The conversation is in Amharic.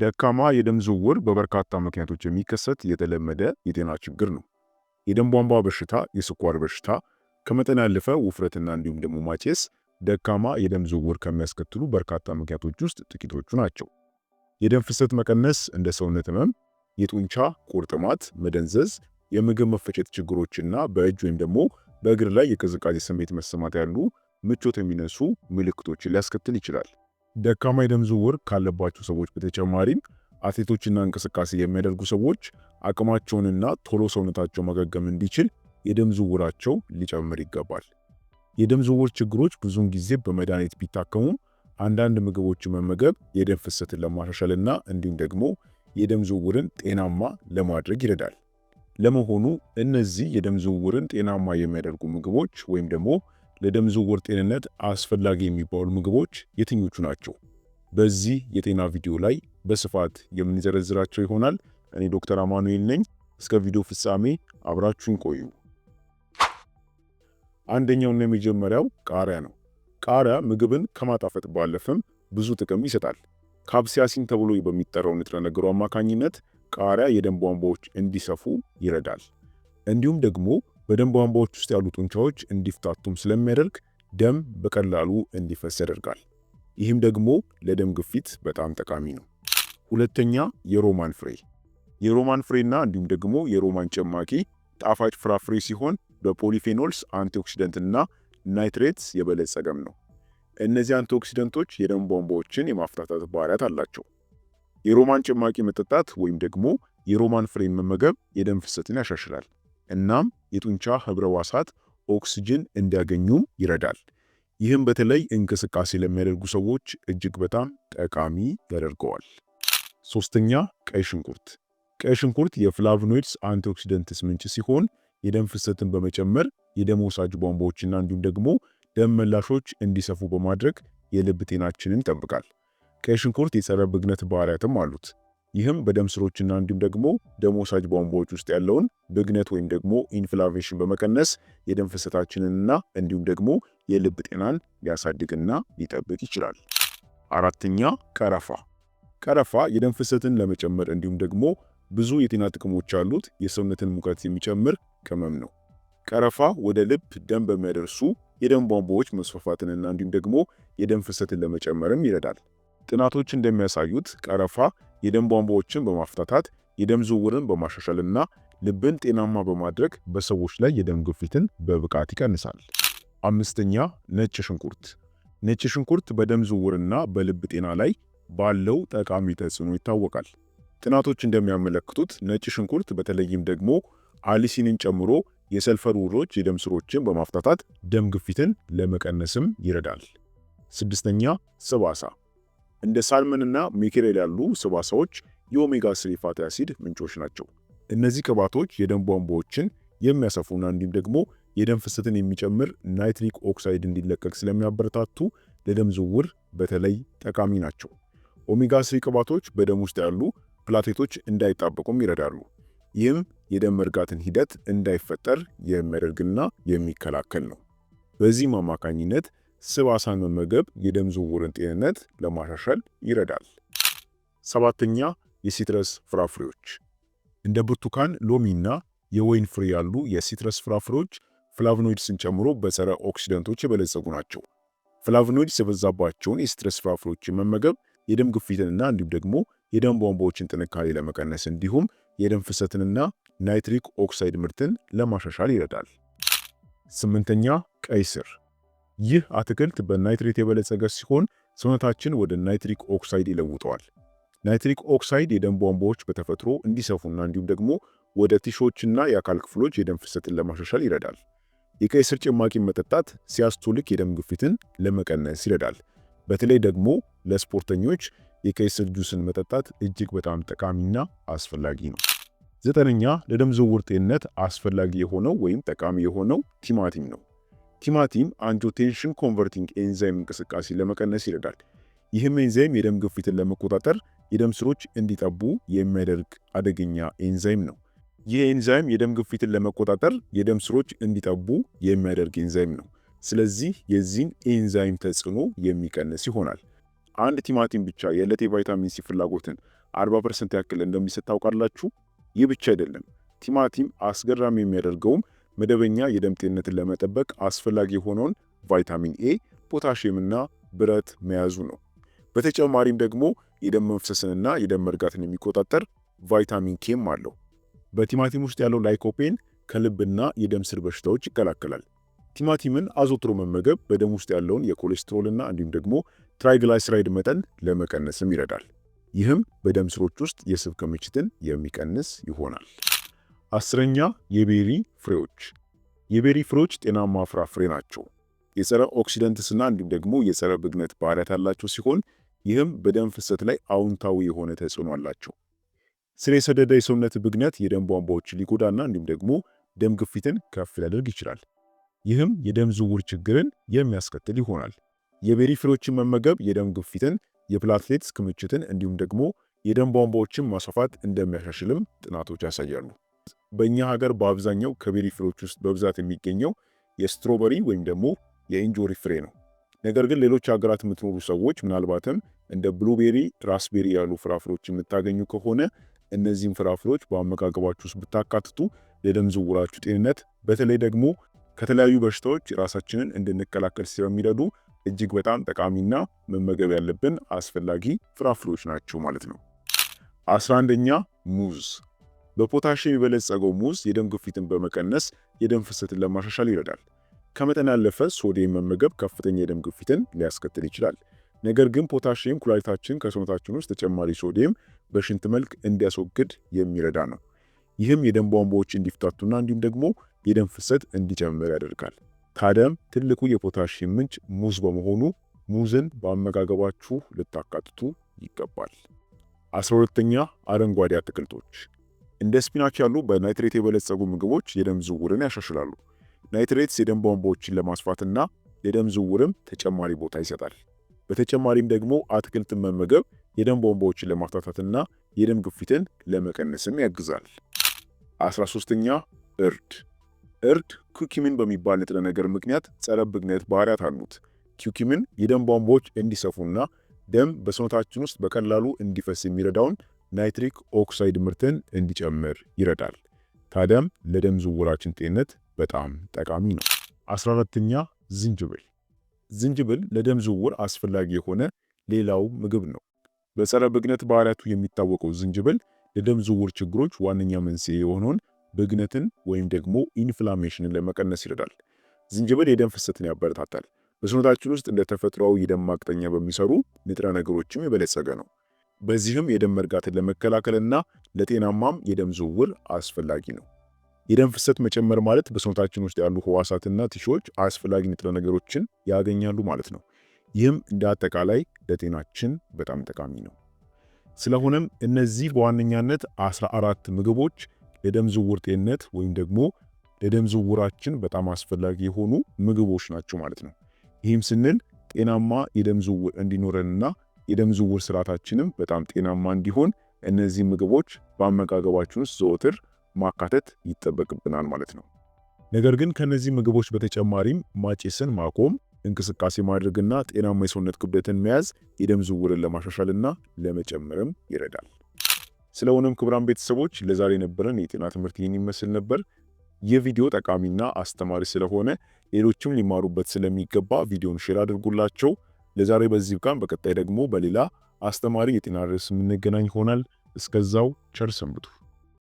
ደካማ የደም ዝውውር በበርካታ ምክንያቶች የሚከሰት የተለመደ የጤና ችግር ነው። የደም ቧንቧ በሽታ፣ የስኳር በሽታ፣ ከመጠን ያለፈ ውፍረትና እንዲሁም ደግሞ ማጨስ ደካማ የደም ዝውውር ከሚያስከትሉ በርካታ ምክንያቶች ውስጥ ጥቂቶቹ ናቸው። የደም ፍሰት መቀነስ እንደ ሰውነት ህመም፣ የጡንቻ ቁርጥማት፣ መደንዘዝ፣ የምግብ መፈጨት ችግሮችና በእጅ ወይም ደግሞ በእግር ላይ የቅዝቃዜ ስሜት መሰማት ያሉ ምቾት የሚነሱ ምልክቶችን ሊያስከትል ይችላል። ደካማ የደም ዝውውር ካለባቸው ሰዎች በተጨማሪም አትሌቶችና እንቅስቃሴ የሚያደርጉ ሰዎች አቅማቸውንና ቶሎ ሰውነታቸው መገገም እንዲችል የደም ዝውውራቸው ሊጨምር ይገባል። የደም ዝውውር ችግሮች ብዙውን ጊዜ በመድኃኒት ቢታከሙም አንዳንድ ምግቦችን መመገብ የደም ፍሰትን ለማሻሻልና እንዲሁም ደግሞ የደም ዝውውርን ጤናማ ለማድረግ ይረዳል። ለመሆኑ እነዚህ የደም ዝውውርን ጤናማ የሚያደርጉ ምግቦች ወይም ደግሞ ለደም ዝውውር ጤንነት አስፈላጊ የሚባሉ ምግቦች የትኞቹ ናቸው? በዚህ የጤና ቪዲዮ ላይ በስፋት የምንዘረዝራቸው ይሆናል። እኔ ዶክተር አማኑኤል ነኝ። እስከ ቪዲዮ ፍጻሜ አብራችሁን ቆዩ። አንደኛውና የመጀመሪያው ቃሪያ ነው። ቃሪያ ምግብን ከማጣፈጥ ባለፈም ብዙ ጥቅም ይሰጣል። ካብሲያሲን ተብሎ በሚጠራው ንጥረ ነገሩ አማካኝነት ቃሪያ የደም ቧንቧዎች እንዲሰፉ ይረዳል። እንዲሁም ደግሞ በደም ቧንቧዎች ውስጥ ያሉ ጡንቻዎች እንዲፍታቱም ስለሚያደርግ ደም በቀላሉ እንዲፈስ ያደርጋል። ይህም ደግሞ ለደም ግፊት በጣም ጠቃሚ ነው። ሁለተኛ የሮማን ፍሬ። የሮማን ፍሬና እንዲሁም ደግሞ የሮማን ጭማቂ ጣፋጭ ፍራፍሬ ሲሆን በፖሊፌኖልስ አንቲኦክሲደንትና ናይትሬትስ የበለጸገም ነው። እነዚህ አንቲኦክሲደንቶች የደም ቧንቧዎችን የማፍታታት ባህሪያት አላቸው። የሮማን ጭማቂ መጠጣት ወይም ደግሞ የሮማን ፍሬን መመገብ የደም ፍሰትን ያሻሽላል። እናም የጡንቻ ህብረ ዋሳት ኦክስጅን እንዲያገኙም ይረዳል። ይህም በተለይ እንቅስቃሴ ለሚያደርጉ ሰዎች እጅግ በጣም ጠቃሚ ያደርገዋል። ሶስተኛ ቀይ ሽንኩርት። ቀይ ሽንኩርት የፍላቭኖይድስ አንቲኦክሲደንትስ ምንጭ ሲሆን የደም ፍሰትን በመጨመር የደም ወሳጅ ቧንቧዎችና እንዲሁም ደግሞ ደም መላሾች እንዲሰፉ በማድረግ የልብ ጤናችንን ይጠብቃል። ቀይ ሽንኩርት የጸረ ብግነት ባህሪያትም አሉት። ይህም በደም ስሮችና እንዲሁም ደግሞ ደም ወሳጅ ቧንቧዎች ውስጥ ያለውን ብግነት ወይም ደግሞ ኢንፍላሜሽን በመቀነስ የደም ፍሰታችንንና እንዲሁም ደግሞ የልብ ጤናን ሊያሳድግና ሊጠብቅ ይችላል። አራተኛ ቀረፋ። ቀረፋ የደም ፍሰትን ለመጨመር እንዲሁም ደግሞ ብዙ የጤና ጥቅሞች ያሉት የሰውነትን ሙቀት የሚጨምር ቅመም ነው። ቀረፋ ወደ ልብ ደም በሚያደርሱ የደም ቧንቧዎች መስፋፋትንና እንዲሁም ደግሞ የደም ፍሰትን ለመጨመርም ይረዳል። ጥናቶች እንደሚያሳዩት ቀረፋ የደም ቧንቧዎችን በማፍታታት የደም ዝውውርን በማሻሻልና ልብን ጤናማ በማድረግ በሰዎች ላይ የደም ግፊትን በብቃት ይቀንሳል። አምስተኛ ነጭ ሽንኩርት። ነጭ ሽንኩርት በደም ዝውውርና በልብ ጤና ላይ ባለው ጠቃሚ ተጽዕኖ ይታወቃል። ጥናቶች እንደሚያመለክቱት ነጭ ሽንኩርት በተለይም ደግሞ አሊሲንን ጨምሮ የሰልፈር ውሮች የደም ስሮችን በማፍታታት ደም ግፊትን ለመቀነስም ይረዳል። ስድስተኛ ስባሳ። እንደ ሳልመንና ሜኬሬል ያሉ ስባሳዎች የኦሜጋ ስሪ ፋቲ አሲድ ምንጮች ናቸው። እነዚህ ቅባቶች የደም ቧንቧዎችን የሚያሰፉና እንዲሁም ደግሞ የደም ፍሰትን የሚጨምር ናይትሪክ ኦክሳይድ እንዲለቀቅ ስለሚያበረታቱ ለደም ዝውውር በተለይ ጠቃሚ ናቸው። ኦሜጋ ስሪ ቅባቶች በደም ውስጥ ያሉ ፕላቴቶች እንዳይጣበቁም ይረዳሉ። ይህም የደም መርጋትን ሂደት እንዳይፈጠር የሚያደርግና የሚከላከል ነው። በዚህም አማካኝነት አሳን መመገብ የደም ዝውውርን ጤንነት ለማሻሻል ይረዳል። ሰባተኛ የሲትረስ ፍራፍሬዎች እንደ ብርቱካን፣ ሎሚና የወይን ፍሬ ያሉ የሲትረስ ፍራፍሬዎች ፍላቭኖይድስን ጨምሮ በጸረ ኦክሲደንቶች የበለጸጉ ናቸው። ፍላቭኖይድስ የበዛባቸውን የሲትረስ ፍራፍሬዎችን መመገብ የደም ግፊትንና እንዲሁም ደግሞ የደም ቧንቧዎችን ጥንካሬ ለመቀነስ እንዲሁም የደም ፍሰትንና ናይትሪክ ኦክሳይድ ምርትን ለማሻሻል ይረዳል። ስምንተኛ ቀይ ስር ይህ አትክልት በናይትሬት የበለጸገ ሲሆን ሰውነታችን ወደ ናይትሪክ ኦክሳይድ ይለውጠዋል። ናይትሪክ ኦክሳይድ የደም ቧንቧዎች በተፈጥሮ እንዲሰፉና እንዲሁም ደግሞ ወደ ቲሾችና የአካል ክፍሎች የደም ፍሰትን ለማሻሻል ይረዳል። የቀይ ስር ጭማቂ መጠጣት ሲያስቶልክ የደም ግፊትን ለመቀነስ ይረዳል። በተለይ ደግሞ ለስፖርተኞች የቀይ ስር ጁስን መጠጣት እጅግ በጣም ጠቃሚና አስፈላጊ ነው። ዘጠነኛ ለደም ዝውውር ጤንነት አስፈላጊ የሆነው ወይም ጠቃሚ የሆነው ቲማቲም ነው። ቲማቲም አንጆቴንሽን ኮንቨርቲንግ ኤንዛይም እንቅስቃሴ ለመቀነስ ይረዳል። ይህም ኤንዛይም የደም ግፊትን ለመቆጣጠር የደም ስሮች እንዲጠቡ የሚያደርግ አደገኛ ኤንዛይም ነው። ይህ ኤንዛይም የደም ግፊትን ለመቆጣጠር የደም ስሮች እንዲጠቡ የሚያደርግ ኤንዛይም ነው። ስለዚህ የዚህን ኤንዛይም ተጽዕኖ የሚቀንስ ይሆናል። አንድ ቲማቲም ብቻ የዕለት የቫይታሚን ሲ ፍላጎትን 40 ያክል እንደሚሰጥ ታውቃላችሁ? ይህ ብቻ አይደለም። ቲማቲም አስገራሚ የሚያደርገውም መደበኛ የደም ጤንነትን ለመጠበቅ አስፈላጊ የሆነውን ቫይታሚን ኤ፣ ፖታሽየምና ብረት መያዙ ነው። በተጨማሪም ደግሞ የደም መፍሰስንና የደም መርጋትን የሚቆጣጠር ቫይታሚን ኬም አለው። በቲማቲም ውስጥ ያለው ላይኮፔን ከልብና የደም ስር በሽታዎች ይከላከላል። ቲማቲምን አዘውትሮ መመገብ በደም ውስጥ ያለውን የኮሌስትሮልና እንዲሁም ደግሞ ትራይግላይስራይድ መጠን ለመቀነስም ይረዳል። ይህም በደም ስሮች ውስጥ የስብ ክምችትን የሚቀንስ ይሆናል። አስረኛ የቤሪ ፍሬዎች። የቤሪ ፍሬዎች ጤናማ ፍራፍሬ ናቸው። የጸረ ኦክሲደንትስና እንዲሁም ደግሞ የጸረ ብግነት ባህሪያት ያላቸው ሲሆን ይህም በደም ፍሰት ላይ አውንታዊ የሆነ ተጽዕኖ አላቸው። ስር የሰደደ የሰውነት ብግነት የደም ቧንቧዎችን ሊጎዳና እንዲሁም ደግሞ ደም ግፊትን ከፍ ሊያደርግ ይችላል። ይህም የደም ዝውውር ችግርን የሚያስከትል ይሆናል። የቤሪ ፍሬዎችን መመገብ የደም ግፊትን፣ የፕላትሌትስ ክምችትን እንዲሁም ደግሞ የደም ቧንቧዎችን ማስፋፋት እንደሚያሻሽልም ጥናቶች ያሳያሉ። በእኛ ሀገር በአብዛኛው ከቤሪ ፍሬዎች ውስጥ በብዛት የሚገኘው የስትሮበሪ ወይም ደግሞ የእንጆሪ ፍሬ ነው። ነገር ግን ሌሎች ሀገራት የምትኖሩ ሰዎች ምናልባትም እንደ ብሉቤሪ፣ ራስቤሪ ያሉ ፍራፍሬዎች የምታገኙ ከሆነ እነዚህም ፍራፍሬዎች በአመጋገባችሁ ውስጥ ብታካትቱ ለደም ዝውውራችሁ ጤንነት በተለይ ደግሞ ከተለያዩ በሽታዎች ራሳችንን እንድንከላከል ስለሚረዱ እጅግ በጣም ጠቃሚና መመገብ ያለብን አስፈላጊ ፍራፍሬዎች ናቸው ማለት ነው። አስራ አንደኛ ሙዝ በፖታሽየም የበለጸገው ሙዝ የደም ግፊትን በመቀነስ የደም ፍሰትን ለማሻሻል ይረዳል። ከመጠን ያለፈ ሶዲየም መመገብ ከፍተኛ የደም ግፊትን ሊያስከትል ይችላል። ነገር ግን ፖታሽየም ኩላሊታችን ከሰውነታችን ውስጥ ተጨማሪ ሶዲየም በሽንት መልክ እንዲያስወግድ የሚረዳ ነው። ይህም የደም ቧንቧዎች እንዲፍታቱና እንዲሁም ደግሞ የደም ፍሰት እንዲጨምር ያደርጋል። ታዲያም ትልቁ የፖታሽየም ምንጭ ሙዝ በመሆኑ ሙዝን በአመጋገባችሁ ልታካትቱ ይገባል። አስራ ሁለተኛ አረንጓዴ አትክልቶች እንደ ስፒናች ያሉ በናይትሬት የበለጸጉ ምግቦች የደም ዝውውርን ያሻሽላሉ። ናይትሬትስ የደም ቧንቧዎችን ለማስፋትና የደም ዝውውርም ተጨማሪ ቦታ ይሰጣል። በተጨማሪም ደግሞ አትክልትን መመገብ የደም ቧንቧዎችን ለማፍታታትና የደም ግፊትን ለመቀነስም ያግዛል። 13ኛ እርድ። እርድ ኩኪሚን በሚባል ንጥረ ነገር ምክንያት ጸረ ብግነት ባህሪያት አሉት። ኩኪምን የደም ቧንቧዎች እንዲሰፉና ደም በሰውነታችን ውስጥ በቀላሉ እንዲፈስ የሚረዳውን ናይትሪክ ኦክሳይድ ምርትን እንዲጨምር ይረዳል። ታዲያም ለደም ዝውውራችን ጤንነት በጣም ጠቃሚ ነው። 14ኛ ዝንጅብል። ዝንጅብል ለደም ዝውውር አስፈላጊ የሆነ ሌላው ምግብ ነው። በጸረ ብግነት ባህሪያቱ የሚታወቀው ዝንጅብል ለደም ዝውውር ችግሮች ዋነኛ መንስኤ የሆነውን ብግነትን ወይም ደግሞ ኢንፍላሜሽንን ለመቀነስ ይረዳል። ዝንጅብል የደም ፍሰትን ያበረታታል። በሰውነታችን ውስጥ እንደ ተፈጥሯዊ የደም ማቅጠኛ በሚሰሩ ንጥረ ነገሮችም የበለጸገ ነው። በዚህም የደም መርጋትን ለመከላከልና ለጤናማም የደም ዝውውር አስፈላጊ ነው። የደም ፍሰት መጨመር ማለት በሰውነታችን ውስጥ ያሉ ህዋሳትና ቲሾች አስፈላጊ ንጥረ ነገሮችን ያገኛሉ ማለት ነው። ይህም እንደ አጠቃላይ ለጤናችን በጣም ጠቃሚ ነው። ስለሆነም እነዚህ በዋነኛነት 14 ምግቦች ለደም ዝውውር ጤንነት ወይም ደግሞ ለደም ዝውውራችን በጣም አስፈላጊ የሆኑ ምግቦች ናቸው ማለት ነው። ይህም ስንል ጤናማ የደም ዝውውር እንዲኖረንና የደም ዝውውር ስርዓታችንም በጣም ጤናማ እንዲሆን እነዚህ ምግቦች በአመጋገባችን ውስጥ ዘወትር ማካተት ይጠበቅብናል ማለት ነው። ነገር ግን ከነዚህ ምግቦች በተጨማሪም ማጨስን ማቆም፣ እንቅስቃሴ ማድረግና ጤናማ የሰውነት ክብደትን መያዝ የደም ዝውውርን ለማሻሻልና ለመጨመርም ይረዳል። ስለሆነም ክቡራን ቤተሰቦች ለዛሬ የነበረን የጤና ትምህርት ይህን ይመስል ነበር። የቪዲዮ ጠቃሚና አስተማሪ ስለሆነ ሌሎችም ሊማሩበት ስለሚገባ ቪዲዮን ሼር አድርጉላቸው። ለዛሬ በዚህ ብቃን። በቀጣይ ደግሞ በሌላ አስተማሪ የጤና ርዕስ የምንገናኝ ይሆናል። እስከዛው ቸር ሰንብቱ።